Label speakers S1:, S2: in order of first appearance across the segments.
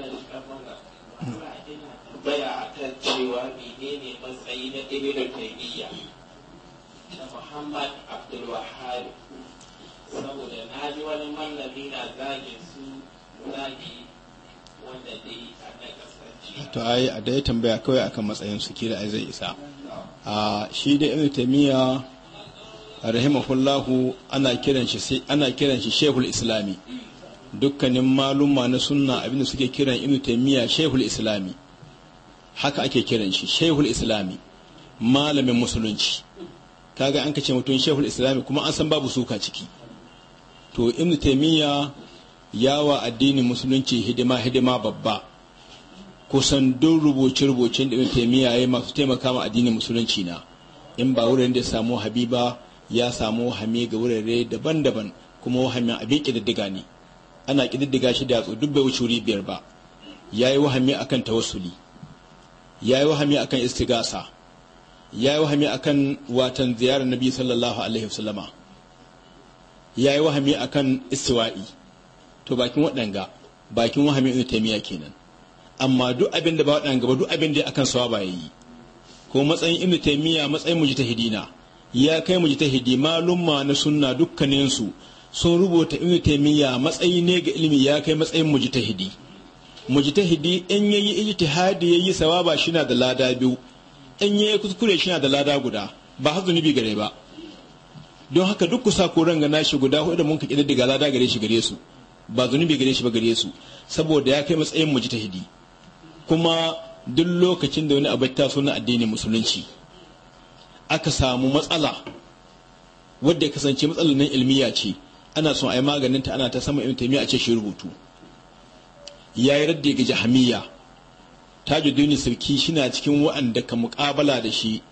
S1: malam amana baya akan cewa menene matsayi na ibn taymiya da muhammad abdul wahhab saboda na ji wani mallami na zage su zage wanda dai a na kasance to ai a dai tambaya kawai akan matsayin su kira ai zai isa a shi da ibn taymiya rahimahullahu ana kiran shi shehul islami dukkanin maluma na sunna abinda suke kiran ibnu taymiya shehul islami haka ake kiran shi shehul islami malamin musulunci kaga an kace mutum shehul islami kuma an san babu suka ciki to ibnu taymiya yawa addinin musulunci hidima hidima babba kusan duk rubuce-rubucen da ibnu taymiya yayi masu taimaka ma addinin musulunci na in ba wurin da ya samu habiba ya samu hame ga wurare daban-daban kuma wahamin abin ƙididdiga ne ana kididdiga shi da yatsu duk bai wuce wuri biyar ba ya yi wahami a kan tawassuli ya yi wahami a kan istigasa ya yi wahami a kan watan ziyarar nabi sallallahu alaihi wasallama ya yi wahami a kan istiwa'i to bakin waɗanga bakin wahami ibn taimiya kenan amma duk abin da ba waɗanga ba duk abin da akan sawa ba yi ko matsayin ibnu taimiya matsayin mujtahidina ya kai mujtahidi malumma na sunna dukkaninsu sun rubuta ibn taimiyya matsayi ne ga ilimi ya kai matsayin mujtahidi mujtahidi in yayi ijtihadi yayi sawaba na da lada biyu in yayi kuskure na da lada guda ba har zunubi gare ba don haka duk kusa ko ga nashi guda hudu da mun ka daga lada gare shi gare su ba zunubi gare shi ba gare su saboda ya kai matsayin mujtahidi kuma duk lokacin da wani abu ta suna na addinin musulunci aka samu matsala wadda ya kasance matsalolin nan ilmiya ce ana son a yi maganin ta ana ta sama ibn taymiya a ce shi rubutu ya yi radda ga jahamiya tajuddin sarki shina cikin wa'anda ka muk'abala da shi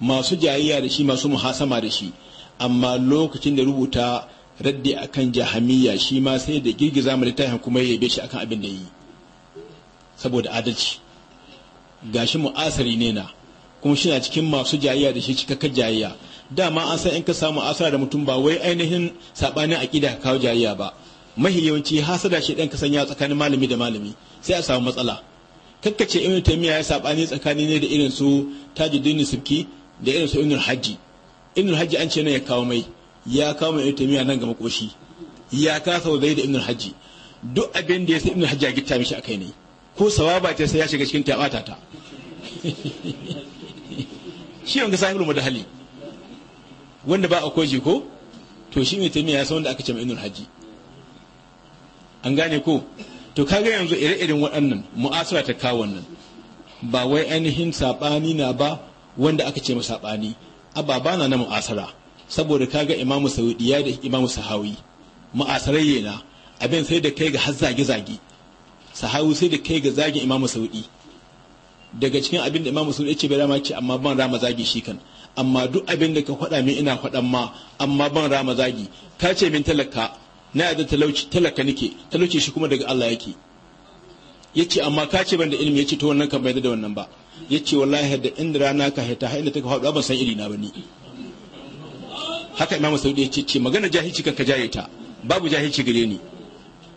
S1: masu jayayya da shi masu muhasama da shi amma lokacin da rubuta raddi akan jahamiya shi ma sai da girgiza mu littafin kuma ya yabe shi akan abin da yi saboda adalci gashi mu'asari ne na kuma shi na cikin masu jayayya da shi cikakken jayayya dama an san in ka samu asara da mutum ba wai ainihin sabanin aqida kawo jariya ba mahi yawanci hasada shi dan kasan ya tsakanin malami da malami sai a samu matsala kakkace ibn taymiya ya sabani tsakani ne da irin su tajuddin sibki da irin su ibn hajji ibn hajji an ce ne ya kawo mai ya kawo mai ibn taymiya nan ga makoshi ya ka zai da ibn hajji duk abin da ya sai ibn hajji ya gitta mishi akai ne ko sawaba ce sai ya shiga cikin tabata ta shi wanga da hali? wanda ba a ji ko to shi ne ta ya san wanda aka ce ma'inul haji an gane ko to kaga yanzu ire-iren waɗannan mu'asara ta kawo nan. ba wai ainihin saɓani na ba wanda aka ce saɓani ababa na na mu'asara saboda kaga imamu ya da imamu sahawi mu'asarai na abin sai da kai ga har zage-zage sahawi sai da kai ga zagin imamu sauɗi daga cikin abin da imamu sauɗi ya ce bai rama ce amma ban rama zage shi kan amma duk abin da ka faɗa min ina faɗan ma amma ban rama zagi ka ce min talaka na yadda talauci talaka nake talauci shi kuma daga Allah yake yace amma ka ce ban da ilimi yace to wannan kan bai da wannan ba yace wallahi da inda rana ka haita har inda take faɗuwa ban san iri na bane haka imamu saudi yace ce magana jahilci kan ka jahilta babu jahilci gare ni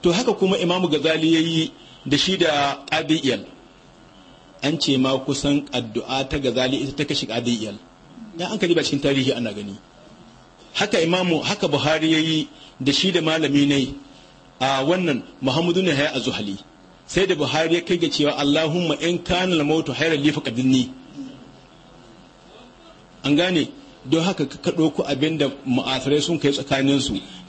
S1: to haka kuma imamu gazali yayi da shi da qadiyal an ce ma kusan addu'a ta gazali ita ta kashe qadiyal in an ba cikin tarihi ana gani haka imamu haka buhari ya yi da shi da malami ne a wannan muhammadu ne haya zuhali sai da buhari ya kai ga cewa allahumma in kana mota hayar lifa kadinni an gane don haka ka ɗauko abin da mu'asirai sun kai su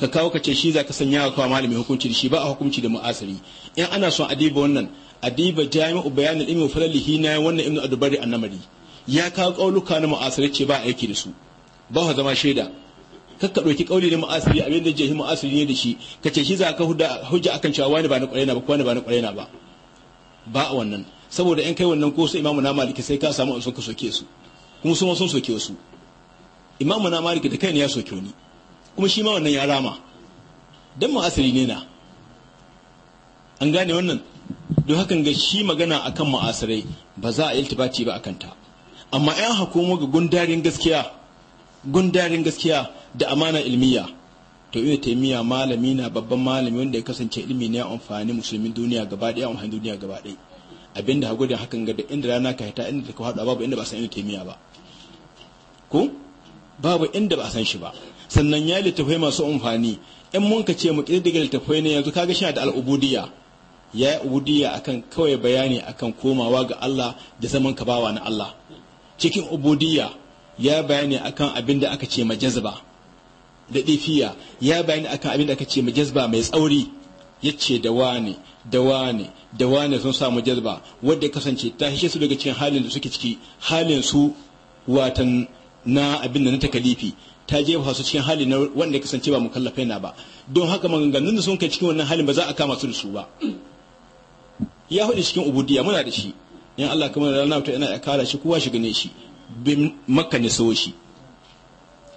S1: ka kawo ka ce shi za ka sanya ka kawo malami hukunci da shi ba a hukunci da ma'asiri in ana son adiba wannan adiba jami'u bayanin ilmi falalihi na wannan ibnu adubari annamari ya kawo kaunuka na ma'asirai ce ba aiki da su ba wa zama shaida kakka ɗauki kauli na ma'asiri abin da jahi ma'asiri ne da shi ka ce shi za ka hujja akan cewa wani ba na ƙwarai na ba kuma ba na ƙwarai na ba ba a wannan saboda in kai wannan ko su imamu na maliki sai ka samu sun ka soke su kuma su ma sun soke su imamu na maliki da kai ne ya soke wani. kuma shi ma wannan ya rama dan ma'asiri ne na an gane wannan don hakan ga shi magana akan ma'asirai ba za a yi ba akan ta amma yan hakomo ga gundarin gaskiya gundarin gaskiya da amana ilmiya to iya taimiya malami na babban malami wanda ya kasance ilmi ne ya amfani musulmin duniya gaba ɗaya amfani duniya gaba ɗaya abinda hagu da hakan gada inda rana ka hita inda ta ka haɗu babu inda ba san yi taimiya ba ko babu inda ba san shi ba sannan ya littafai masu amfani in mun ka ce mu daga littafai ne yanzu kaga shi da al'ubudiyya ya yi ubudiyya akan kawai bayani akan komawa ga Allah da zaman ka bawa na Allah cikin ubudiyya ya bayani akan abin da aka ce ma jazba da ɗifiya ya bayani akan abin da aka ce ma jazba mai tsauri ya ce da wane da wane da wane sun samu jazba wadda kasance ta hishe su daga cikin halin da suke ciki halin su watan na abin da na takalifi ta jefa su cikin hali na wanda kasance ba mukallafe na ba don haka maganganun da sun kai cikin wannan halin ba za a kama su da su ba ya hudu cikin ubudiya muna da shi in Allah kamar da rana ta ina ya kara shi kowa shi gane shi bin makka ne sawo shi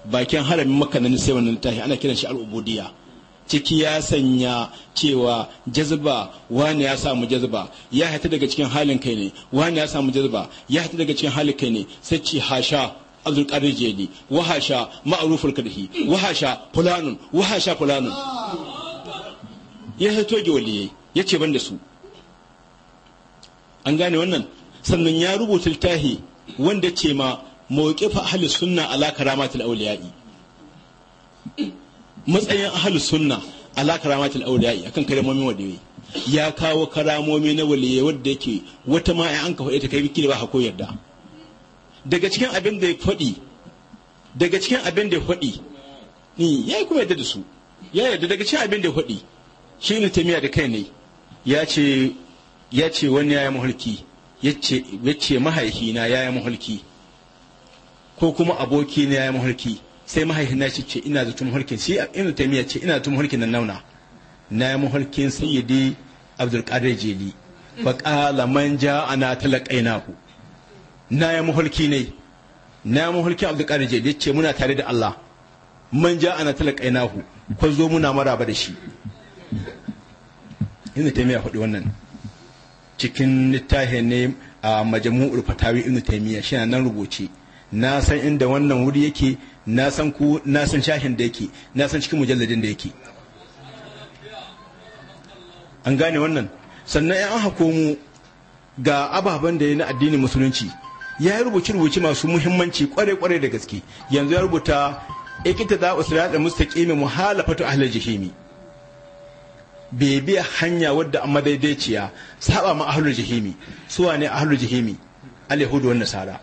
S1: bakin haramin makka ne sai wannan tahi ana kiran shi al-ubudiyya ciki ya sanya cewa jazba wani ya samu jazba ya hata daga cikin halin kai ne wani ya samu jazba ya hata daga cikin halin kai ne sai ci hasha abdul qadir jeli wa hasha ma'ruful kadhi wa hasha fulanun wa hasha fulanun ya hato ge waliyai yace ban da su an gane wannan sannan ya rubuta littafi wanda ce ma mawqifa ahli sunna ala karamatul awliya'i matsayin ahli sunna ala karamatul awliya'i akan karamomin dai ya kawo karamomi na waliyai wadda yake wata ma an ka faɗi ta kai biki ba ko yarda daga cikin abin da ya faɗi daga cikin abin da ya faɗi ni yayi kuma yarda da su ya yarda daga cikin abin da ya faɗi shi ne miya da kai ne ya ce ya ce wani ya yi mahulki ya ce mahaihina ya yi mahulki ko kuma aboki ne ya yi mahulki sai mahaihina shi ce ina zaton mahulkin shi ina taimiyya ce ina zaton mahulkin nan nauna na yi mahulkin sayyidi Qadir jeli faƙala man ja ana talakainahu na yi mahulki ne na yi mahulkin abdulkadir jeli ce muna tare da allah man ja ana talakainahu ko zo muna maraba da shi ina taimiyya faɗi wannan cikin littafin ne a majamu'ul fatawi ibn taymiya shi nan rubuce na san inda wannan wuri yake na san ku na san shahin da yake na san cikin mujalladin da yake an gane wannan sannan yan hako mu ga ababen da ya na addinin musulunci ya yi rubuce rubuce masu muhimmanci kware kware da gaske yanzu ya rubuta ikita da usra da mustaqimi muhalafatu ahli jahimi bai biya hanya wadda an madaidaiciya saba ma ahlul jahimi suwa ne ahlul jahimi alyahudu wan nasara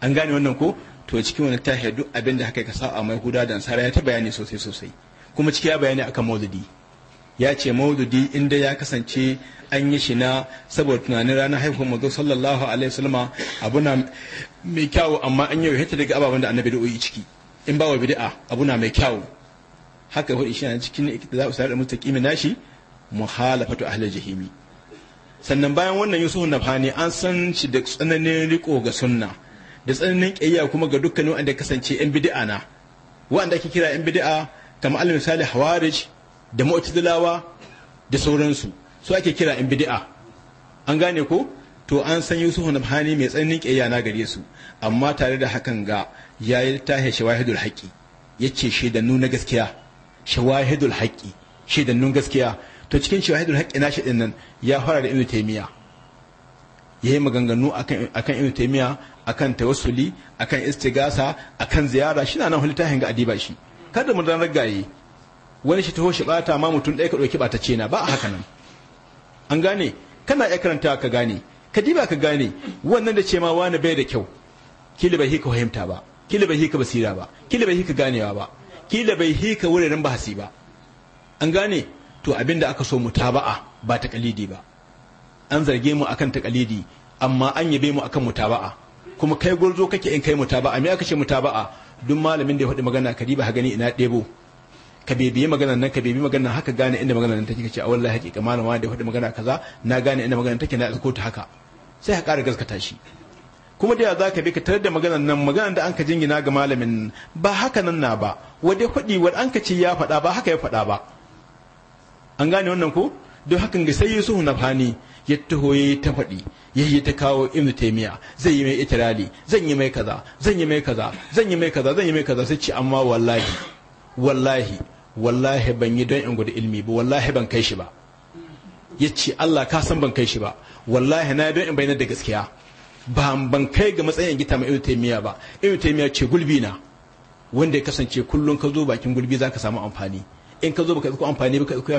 S1: an gane wannan ko to cikin wani ta duk abin da haka ka saba mai huda da nasara ya ta bayani sosai sosai kuma ciki ya bayani akan maududi ya ce maududi inda ya kasance an yi shi na saboda tunanin ranar haihuwar mazo sallallahu alaihi wasallama abu na mai kyawu amma an yi daga ababen da annabi da ciki in ba wa bid'a abu na mai kyawu haka wani shi cikin da za a mutu mustaqimi nashi muhalafatu ahli jahimi sannan bayan wannan yusuf nafani an san shi da tsananin riko ga sunna da tsananin kiyaya kuma ga dukkanin wanda kasance yan bid'a na wanda ake kira yan bid'a kamar al misali hawarij da mu'tazilawa da sauransu su ake kira yan bid'a an gane ko to an san yusuf nafani mai tsananin kiyaya na gare su amma tare da hakan ga yayin tahe shawahidul haqi yace shi da nuna gaskiya shawahidul haqqi shaidannun gaskiya to cikin shawahidul haƙi na shaidan nan ya fara da ibnu taymiya yayi maganganu akan akan ibnu taymiya akan tawassuli akan istigasa akan ziyara shi na nan hulitahin ga adiba shi kada mu dan ragaye wani shi taho shi bata ma mutum ɗaya ka ɗauki ba ta ce na ba a haka nan an gane kana iya karanta ka gane ka diba ka gane wannan da ce ma wani bai da kyau kila bai hika fahimta ba kila bai hika basira ba kila bai hika ganewa ba kila bai hika wuraren bahasi ba an gane to abin da aka so mutaba'a ba ta kalidi ba an zarge mu akan taƙalidi amma an yabe mu akan mutaba'a kuma kai gurzo kake in kai mutaba'a me aka ce mutaba'a duk malamin da ya faɗi magana ka diba gani ina ɗebo ka bebiye magana nan ka bebi magana haka gane inda magana nan take ce a wallahi hakika malama da ya faɗi magana kaza na gane inda magana take na ko ta haka sai ka ƙara gaskata shi kuma da za ka bi ka tarar da magana nan magana da an ka jingina ga malamin ba haka nan na ba wadai faɗi wadda an ka ce ya faɗa ba haka ya faɗa ba an gane wannan ko don hakan ga sai Yusuf na fani ya taho ya yi ta faɗi ya yi ta kawo Ibn taimiya zai yi mai itirali zan yi mai kaza zan yi mai kaza zan yi mai kaza zan yi mai kaza sai ce amma wallahi wallahi wallahi ban yi don in gudu ilmi ba wallahi ban kai shi ba ya ce Allah ka san ban kai shi ba wallahi na don in bayyana da gaskiya ba ban kai ga matsayin gita mai ibnu taymiya ba ibnu taymiya ce gulbi na wanda ya kasance kullum ka zo bakin gulbi zaka samu amfani in ka zo baka iko amfani baka iko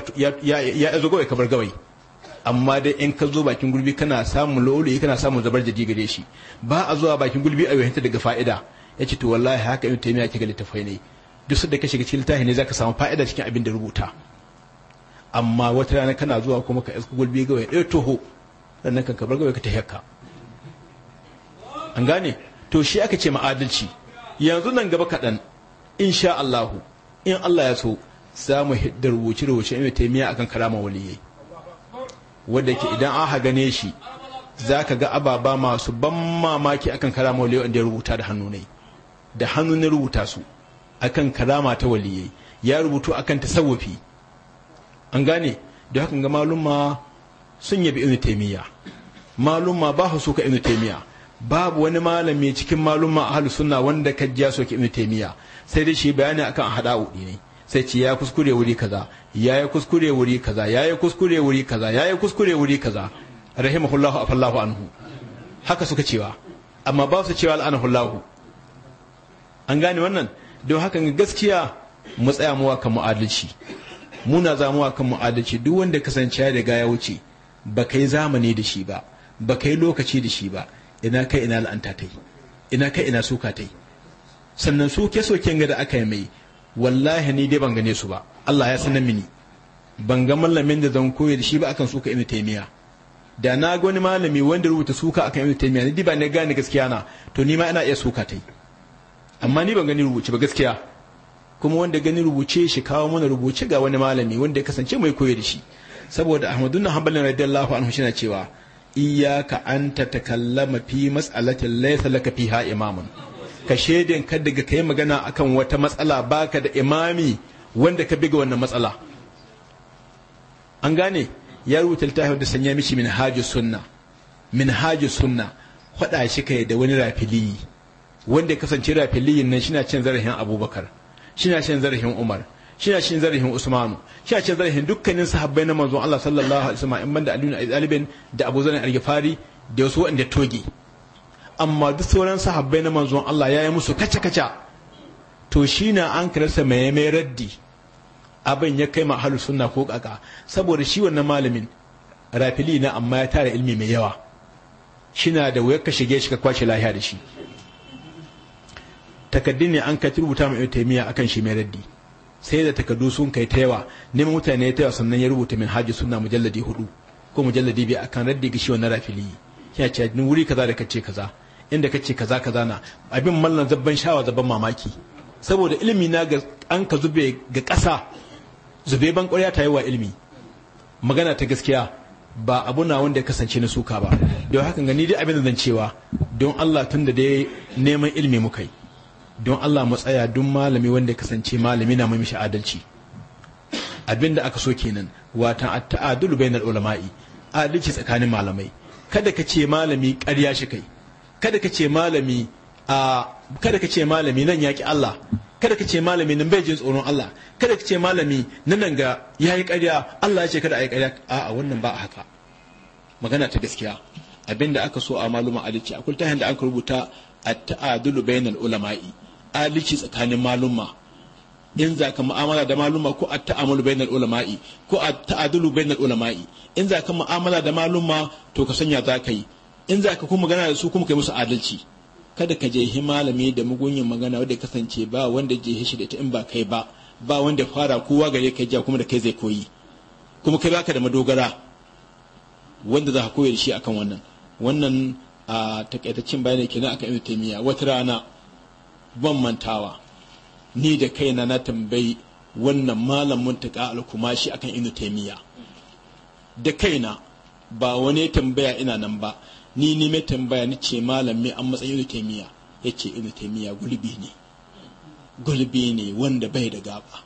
S1: ya zo gawai kabar gawai amma dai in ka zo bakin gulbi kana samun lolo kana samun zabar jadi gare shi ba a zuwa bakin gulbi a yohinta daga fa'ida yace to wallahi haka in taimiya kika littafai ne duk sanda ka shiga cikin littafi ne zaka samu fa'ida cikin abin da rubuta amma wata rana kana zuwa kuma ka iska gulbi gawai ɗaya eh, toho sannan kan kabar gawai ka ta hekka an gane to shi aka ce ma'adalci yanzu nan gaba kaɗan insha Allahu in Allah ya so za mu hidda rubuce rubuce in taimiya akan karama waliyai wadda ke idan aka gane shi za ka ga ababa masu ban mamaki akan karama waliyai wanda ya rubuta da hannu ne da hannu ne rubuta su akan karama ta waliyai ya rubutu akan tasawufi an gane da hakan ga malumma sun yabi ibnu taimiyya malumma ba su ka ibnu taimiyya babu wani malami cikin malumma ahlu sunna wanda ka jiya soke ibnu taymiya sai dai shi bayani akan hada'udi ne sai ce ya kuskure wuri kaza ya yi kuskure wuri kaza ya yi kuskure wuri kaza ya yi kuskure wuri kaza rahimahullahu afallahu anhu haka suka cewa amma ba su cewa al'anahullahu an gane wannan don haka gaskiya mu tsaya muwa kan mu'adalci muna zamuwa kan mu'adalci duk wanda kasance ya riga ya wuce ba kai zamani da shi ba ba kai lokaci da shi ba ina kai ina la'anta ta yi ina kai ina suka ta yi sannan suke soke ga da aka yi mai wallahi ni dai ban gane su ba Allah ya sanar mini ban ga malamin da zan koyi da shi ba akan suka ibnu taymiya da na ga wani malami wanda rubuta suka akan ibnu taymiya ni ba ne gane gaskiya na to ni ma ina iya suka ta yi amma ni ban gani rubuce ba gaskiya kuma wanda gani rubuce shi kawo mana rubuce ga wani malami wanda ya kasance mai koyi da shi saboda ahmadun hanbalin radiyallahu anhu shi na cewa iyaka an ta takallama fi mas'alatin laysa laka fiha imamun ka shedin ka daga kai magana akan wata matsala baka da imami wanda ka biga wannan matsala an gane ya rubuta littafin da sanya mishi min hajji sunna min hajji sunna faɗa shi kai da wani rafiliyi wanda kasance rafiliyin nan shi na cin zarafin abubakar Shina na cin zarafin umar shi cikin shi zarihin usmanu shi na shi zarihin dukkanin sahabbai na manzon Allah sallallahu alaihi wasallam in banda aliyu aliben da abu zanin algifari da wasu wanda toge amma duk sauran sahabbai na manzon Allah ya yi musu kaca kaca to shi na an karasa mai mai raddi abin ya kai mahalu sunna ko kaka saboda shi wannan malamin rafili na amma ya tara ilmi mai yawa shi na da wuyar ka shige shi ka kwace lahiya da shi takaddin ne an ka rubuta mai taimiya akan shi mai raddi sai da takardu sun kai ta yawa neman mutane ta yawa sannan ya rubuta min hajji suna mujalladi hudu ko mujalladi biyu akan raddi gishi wannan rafili ya ce ni wuri kaza da kace kaza inda kace kaza kaza na abin mallan zabban shawa zabban mamaki saboda ilimi na ga an ka zube ga ƙasa zube ban ƙwarya ta yi ilimi magana ta gaskiya ba abu na wanda ya kasance na suka ba don hakan gani dai abin da zan cewa don Allah Tunda da dai neman ilimi muka yi don Allah mu tsaya duk malami wanda ya kasance malami na mai adalci abin da aka so kenan watan at bainal ulama'i adalci tsakanin malamai kada ka ce malami ƙarya shi kai kada ka ce malami a kada ka ce malami nan yaki Allah kada ka ce malami nan bai jin tsoron Allah kada ka ce malami nan nan ga yayi ƙarya Allah ya ce kada ayi ƙarya a'a wannan ba haka magana ta gaskiya abinda aka so a malumin adalci akwai ta yanda aka rubuta at-ta'adul bainal ulama'i adalci tsakanin malumma in za ka mu'amala da maluma ko a ta'amalu bainal ulama'i ko a ta'adulu bainal ulama'i in za ka mu'amala da maluma to ka sanya za ka yi in za ka kuma magana da su kuma kai musu adalci kada ka jehi malami da mugunyin magana wanda kasance ba wanda jehi shi da ta in ba kai ba ba wanda fara kowa gare kai ja kuma da kai zai koyi kuma kai baka da madogara wanda za ka koyar shi akan wannan wannan a takaitaccen bayani kenan aka ibnu taymiya wata rana ban mantawa ni da kaina na tambayi wannan malamin tuka alkumashi akan inu taimiya da kaina ba wani tambaya ina nan ba ni ne mai tambaya ni ce malami an matsayin inu taimiya ya ce inu taimiya gulbi ne gulbi ne wanda bai da gaba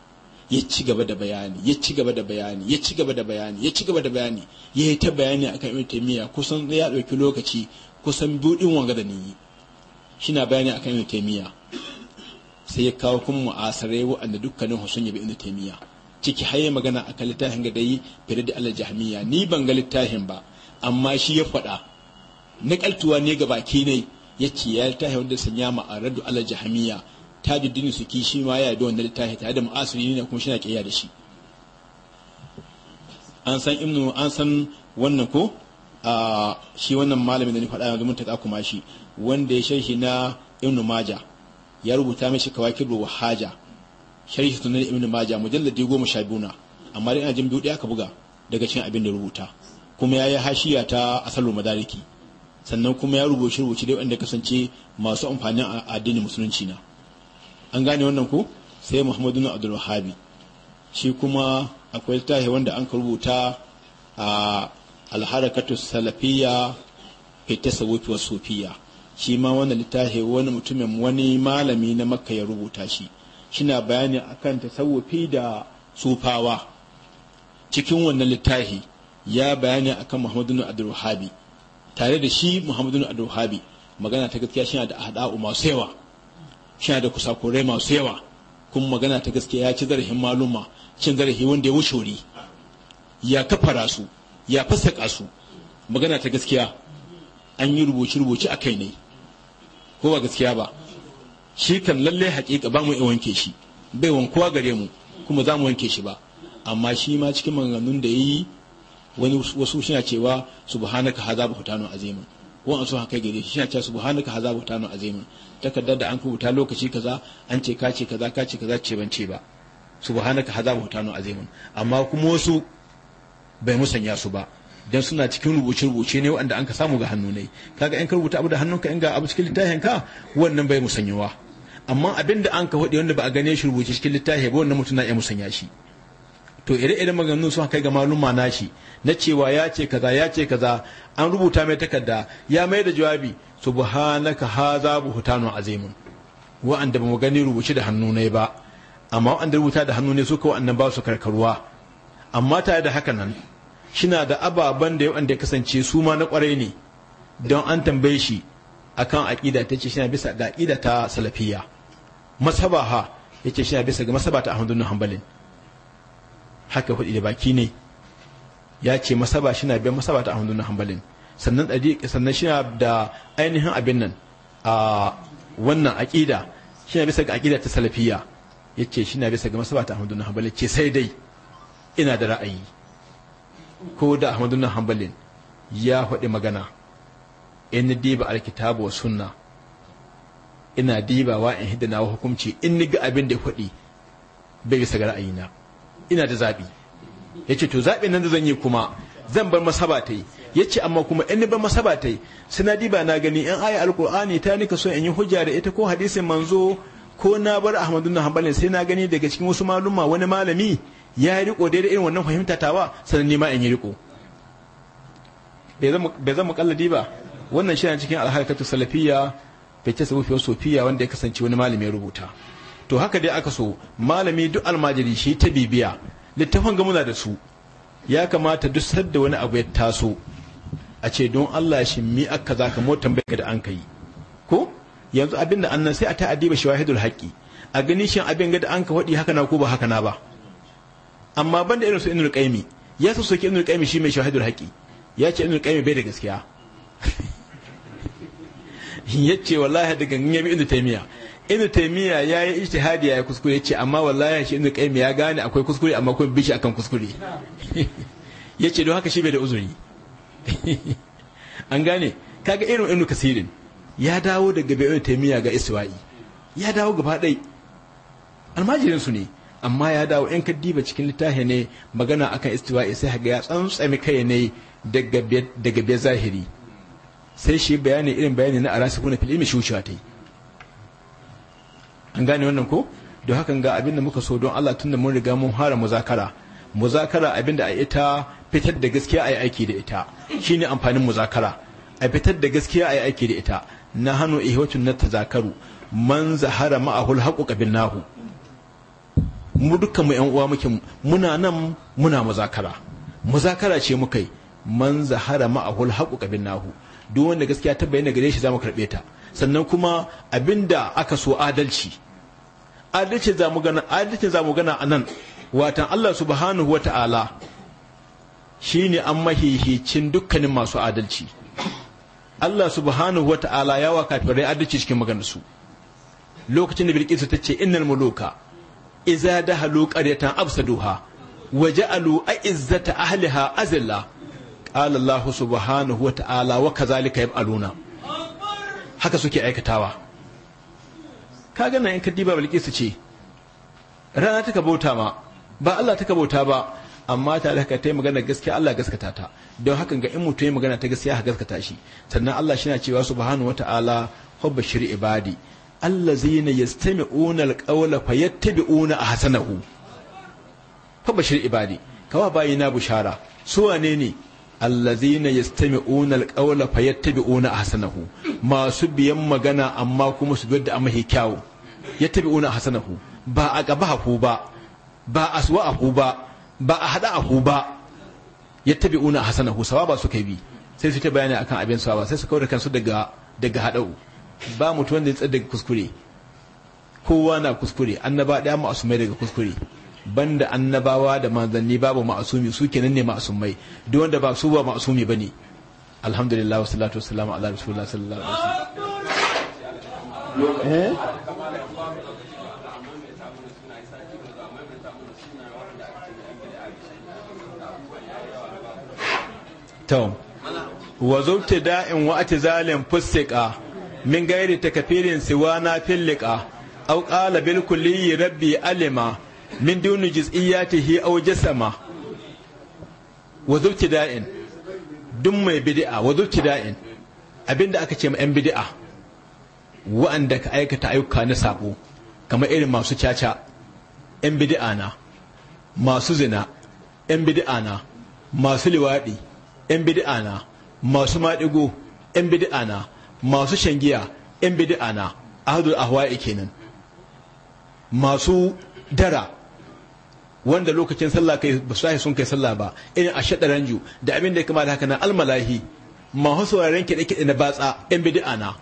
S1: ya ci gaba da bayani ya ci gaba da bayani ya ci gaba da bayani ya ci gaba da bayani ya yi ta bayani akan inu taimiya kusan ya ɗauki lokaci kusan buɗin wanga da ni shina bayani akan ibn taymiya sai ya kawo kuma mu'asarai waɗanda dukkanin sun yabi ibn taymiya ciki har magana magana akan littafin ga dai fere da al jahmiya ni ban ga littafin ba amma shi ya faɗa nakaltuwa ne ga baki ne yace ya littafin wanda sanya ma'aradu al jahmiya tajuddin ki shi ma ya da wannan littafi tare da mu'asiri ne kuma shina kiyaye da shi an san ibnu an san wannan ko a ah, shi wannan malamin da ni faɗa yanzu mun taka kuma shi wanda ya sharhi na ibn maja ya rubuta mishi kawakibu wa haja sharhi sunan ibn maja mujalladi goma sha biyu na amma ina jin biyu aka buga daga cikin abin da rubuta kuma ya yi hashiya ta asalu madariki sannan kuma ya rubuce rubuce dai wanda kasance masu amfanin addinin musulunci na an gane wannan ku sai muhammadu abdul wahabi shi kuma akwai littafi wanda an ka rubuta a alharakatu salafiyya fi tasawuf wa shi ma wannan littafi wani mutumin wani malami na makka ya rubuta shi shina bayani akan tasawufi da tsufawa cikin wannan littafi ya bayani akan muhammadu abdulwahabi tare da shi muhammadu abdulwahabi magana ta gaskiya shi da ahda'u masu yawa shi da kusakurai masu yawa kuma magana ta gaskiya ya ci zarafin maluma cin zarafi wanda ya wuce wuri ya kafara su ya fasaka su magana ta gaskiya an yi rubuce-rubuce a kai ne ko ba gaskiya ba shi kan lalle haƙiƙa ba mu iya wanke shi bai wankuwa gare mu kuma za mu wanke shi ba amma shi ma cikin maganganun da yi wani wasu suna cewa subhanaka haza buhtanu azima wani sun haka gare shi suna cewa subhanaka haza buhtanu azima takardar da an rubuta lokaci kaza an ce ka ce kaza ka ce kaza ce ban ce ba subhanaka haza buhtanu azima amma kuma wasu bai musanya su ba dan suna cikin rubuce-rubuce ne wanda an ka samu ga hannu ne kaga in ka rubuta abu da hannunka in ga abu cikin littafin ka wannan bai musanyawa amma abin da an ka faɗi wanda ba a gane shi rubuce cikin littafin ba wannan mutum na iya musanya shi to ire-iren maganganun sun kai ga maluma na shi na cewa ya ce kaza ya ce kaza an rubuta mai takarda ya mai da jawabi subhanaka haza buhtanun azimun wa'anda ba mu gani rubuce da hannu ne ba amma wa'anda rubuta da hannu ne ka wa'annan ba su karkarwa amma tare da haka nan shina da ababen da yawan ya kasance su ma na kwarai ne don an tambaye shi akan aqida ta ce shina bisa ga aqida ta salafiyya masaba ha yace shina bisa ga masaba ta Ahmadu bin Hanbalin haka hudi da baki ne ya ce masaba shina biyan masaba ta Ahmadu bin Hanbalin sannan sannan shina da ainihin abin nan a wannan aqida shina bisa ga aqida ta salafiyya yace shina bisa ga masaba ta Ahmadu bin Hanbalin ce sai dai ina da ra'ayi ko da ahmadu na hambalin ya faɗi magana in diba alkitabu wa sunna ina dibawa in hidda na hukunci in ni ga abin da ya faɗi bai bisa ga ra'ayina ina da zaɓi ya to zaɓin nan da zan yi kuma zan bar masaba ta yi ya amma kuma in ni bar masaba ta yi suna diba na gani in aya alkur'ani ta nika so in yi hujja da ita ko hadisin manzo ko na bar ahmadu na hambalin sai na gani daga cikin wasu maluma wani malami ya yi riko daidai irin wannan fahimta tawa sannan nima in yi riko bai zama kalladi ba wannan shi ne cikin alharkatu salafiyya bai ce fiye sofiya wanda ya kasance wani malami ya rubuta to haka dai aka so malami duk almajiri shi ta bibiya littafin ga muna da su ya kamata duk sadda wani abu ya taso a ce don Allah shi mi aka ka motan bai da an kai ko yanzu abin da annan sai a ta adiba shawahidul haƙƙi. a gani shi abin ga da an ka wadi haka na ko ba haka na ba amma da irin su inul kaimi ya su soke inul kaimi shi mai shahidul haƙi ya ce inul kaimi bai da gaskiya ya ce wallahi da gangan ya bi inul taimiya inul taimiya ya yi ijtihadi ya kuskure ce amma wallahi shi inul kaimi ya gane akwai kuskure amma kuma bishi akan kuskure ya ce don haka shi bai da uzuri an gane kaga irin inul kasirin ya dawo daga bai inul taimiya ga iswa'i ya dawo gaba ɗaya almajirinsu ne amma ya dawo 'yan ka diba cikin littafi ne magana akan istiwa'i sai haga ya tsantsami kai ne daga biyar zahiri sai shi bayani irin bayani na arasi kuna fili mai shuciwa ta yi an gane wannan ko don hakan ga abinda muka so don Allah tun da mun riga mun hara muzakara muzakara abin da a ita fitar da gaskiya a yi aiki da ita shine amfanin muzakara a fitar da gaskiya a yi aiki da ita na hannu ihwatun na tazakaru man zahara ma'ahul haƙuƙa bin nahu mu duka mu yan uwa muke muna nan muna muzakara muzakara ce muka yi man zahara ma'ahul haqu nahu duk wanda gaskiya ta bayyana gare shi zamu karbe ta sannan kuma abinda aka so adalci adalci zamu gana adalci zamu gana anan watan Allah subhanahu wata'ala shine an mahihicin dukkanin masu adalci Allah subhanahu wata'ala ya wa kafirai adalci cikin maganarsu lokacin da Bilkisu ta ce innal muluka iza dahalu qaryatan absaduha waja'alu a'izzata ahliha azilla qala Allah subhanahu wa ta'ala wa kazalika yab'aluna haka suke aikatawa kaga nan in ka diba bilkisu ce rana ta bauta ma ba Allah ta bauta ba amma ta da haka yi magana gaskiya Allah gaskata ta don hakan ga in mutum ya magana ta gaskiya ha gaskata shi sannan Allah shi na cewa subhanahu wa ta'ala hubba shiri ibadi allazina yastami'una alqawla fayattabi'una ahsanahu fa bashir ibadi kawa bayina bushara su wane ne allazina yastami'una alqawla fayattabi'una ahsanahu masu biyan magana amma kuma su da amma hikyawu yattabi'una ahsanahu ba a gaba hu ba ba a a hu ba ba a hada hu ba yattabi'una ahsanahu sawaba kai bi sai su ta bayani akan abin sawaba sai su kawo kansu daga daga hadau ba mutum wanda ya tsada daga kuskure kowa na kuskure annaba ɗaya ma'asumai daga kuskure banda annabawa da manzanni babu ma'asumi su kenan ne ma'asumai duk wanda ba su ba ma'asumi ne. alhamdulillah wa salatu wassalamu ala rasulillah sallallahu alaihi wasallam eh to wa zubtida'in wa atizalin fusika min gairi takafirin siwana na fillika aw qala bil rabbi alima min duni juz'iyatihi aw jasama wa da'in, duk mai bid'a wa da'in, abinda aka ce ma yan bid'a wa'anda ka aikata ayyuka na sabo kamar irin masu caca yan bid'a na masu zina yan bid'a na masu liwaɗi, yan bid'a na masu maɗigo yan bid'a na masu shangiya yan bid'a na ahadul ahwa'i kenan masu dara wanda lokacin sallah kai ba sai sun kai sallah ba irin a shaɗaranju da abin da ya kama haka na almalahi masu sauraren kide kide na batsa yan bid'a na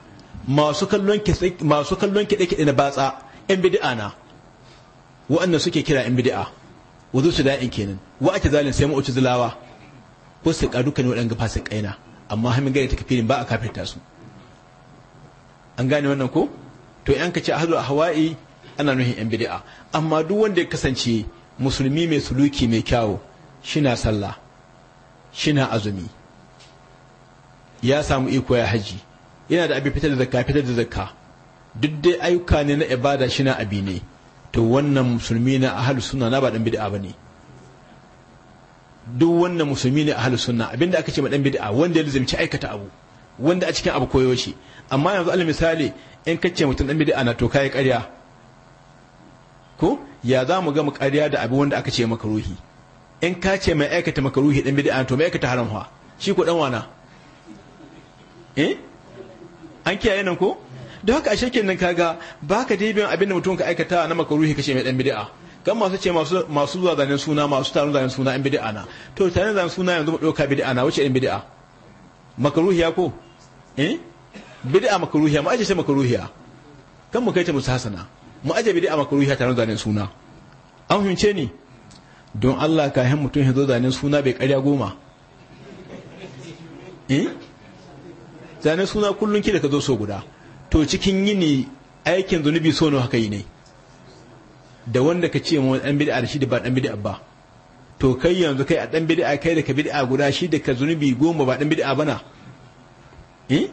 S1: masu kallon masu kallon ki kide na batsa yan bid'a na wa'annan suke kira yan bid'a wuzu su da'in kenan wa ake zalin sai uci zulawa ko su ka kan waɗanda fasikai na amma hamin gari ta kafirin ba a kafirta su an gane wannan ko to yan ce ahlul ahwa'i ana nuhin yan bid'a amma duk wanda ya kasance musulmi mai suluki mai kyawu shina sallah shina azumi ya samu iko ya haji yana da abin fitar da zakka fitar da zakka duk dai ayyuka ne na ibada shina abi ne to wannan musulmi na ahlus sunna na ba dan bid'a bane duk wannan musulmi ne ahlus sunna abinda aka ce ma dan bid'a wanda ya lazimci aikata abu wanda a cikin abu koyo shi amma yanzu alal misali in kace mutum dan bid'a na to kai ƙarya ko ya za mu ga mu ƙarya da abu wanda aka ce maka ruhi? in ka ce mai aikata maka ruhi dan bid'a to mai aikata haramwa shi ko dan wana eh an kiyaye nan ko don haka ashe kenan kaga baka dai bin abin da mutum ka aikata na ruhi kace mai dan bid'a kan masu ce masu zuwa zanen suna masu taron zanen suna yan bid'a na to tarin zanen suna yanzu mu dauka bid'a na wuce yan bid'a makaruhiya ko eh bid'a makaruhiya mu aje ta makaruhiya kan mu kai ta musahasana mu aje bid'a makaruhiya tare da zanen suna an hunce ni don Allah ka hin mutun hizo zanen suna bai karya goma eh zanen suna kullun ki da ka zo so guda to cikin yini aikin zunubi so nawa haka yi ne da wanda ka ce mu dan bid'a da shi da ba dan bid'a ba to kai yanzu kai a dan bid'a kai da ka bid'a guda shi da ka zunubi goma ba dan bid'a bana eh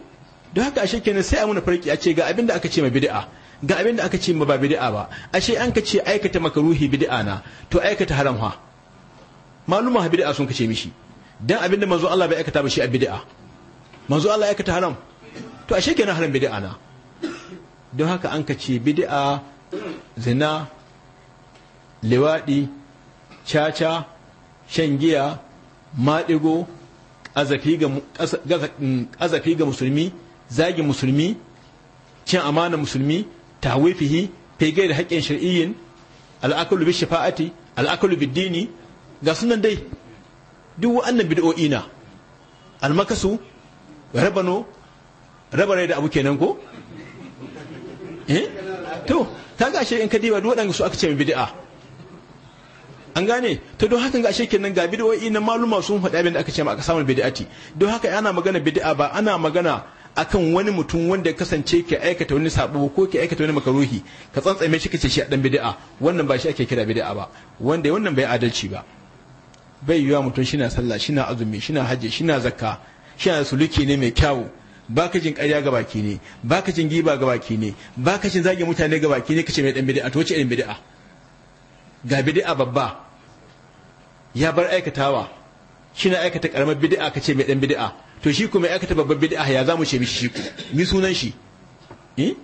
S1: don haka ashe kenan sai a muna farki a ce ga abin da aka ce ma bid'a ga abin da aka ce ma ba bid'a ba ashe an ka ce aikata maka ruhi bid'a na to aikata haram ha maluma bid'a sun kace mishi dan abin da manzo Allah bai aikata ba shi a bid'a manzo Allah ya aikata haram to ashe kenan haram bid'a na don haka an ka ce bid'a zina liwadi caca shan giya maɗigo ƙazafi ga mm, musulmi zagin musulmi cin amana musulmi tawifihi fege da haƙƙin shari'iyyin al'akalu bi shafa'ati al'akalu bi dini ga sunan dai duk wa'annan bid'o'i na almakasu rabano rabarai da abu kenan ko eh to ta gashe in ka diba duk waɗanda su aka ce bid'a an gane ta don haka ga kenan ga bid'o'i na maluma sun faɗa abin da aka ce ma aka samu bid'ati don haka ana magana bid'a ba ana magana akan wani mutum wanda ya kasance ke aikata wani sabo ko ke aikata wani makaruhi ka tsantsame shi kace shi a dan bid'a wannan ba shi ake kira bid'a ba wanda wannan bai adalci ba bai yiwa mutum shina sallah shina azumi shina hajji shina zakka shina suluki ne mai kyawu baka jin ƙarya ga baki ne baka jin giba ga baki ne baka jin zage mutane ga baki ne kace mai dan bid'a to wace irin bid'a ga bid'a babba ya bar aikatawa shi na aikata karamar bid'a ka ce mai dan bid'a to shi kuma aikata babbar bid'a ya zamu ce mishi shi ku mi sunan shi eh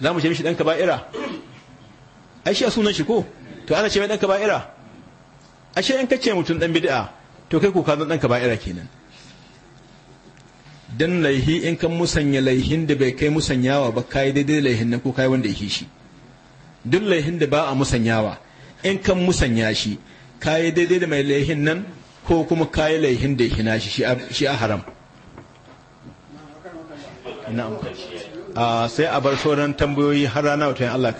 S1: zamu ce mishi dan kaba'ira ai shi a sunan shi ko to ana ce mai dan kaba'ira ashe in kace mutum dan bid'a to kai kuka zan dan kaba'ira kenan dan laihi in kan musanya laihin da bai kai musanyawa ba kai daidai laihin nan ko kai wanda yake shi duk laihin da ba a musanyawa in kan musanya shi kayi daidai da mai laihin nan ko kuma kayi laihin da shi na shi a haram ah, sai a bar sauran tambayoyi har rana wata Allah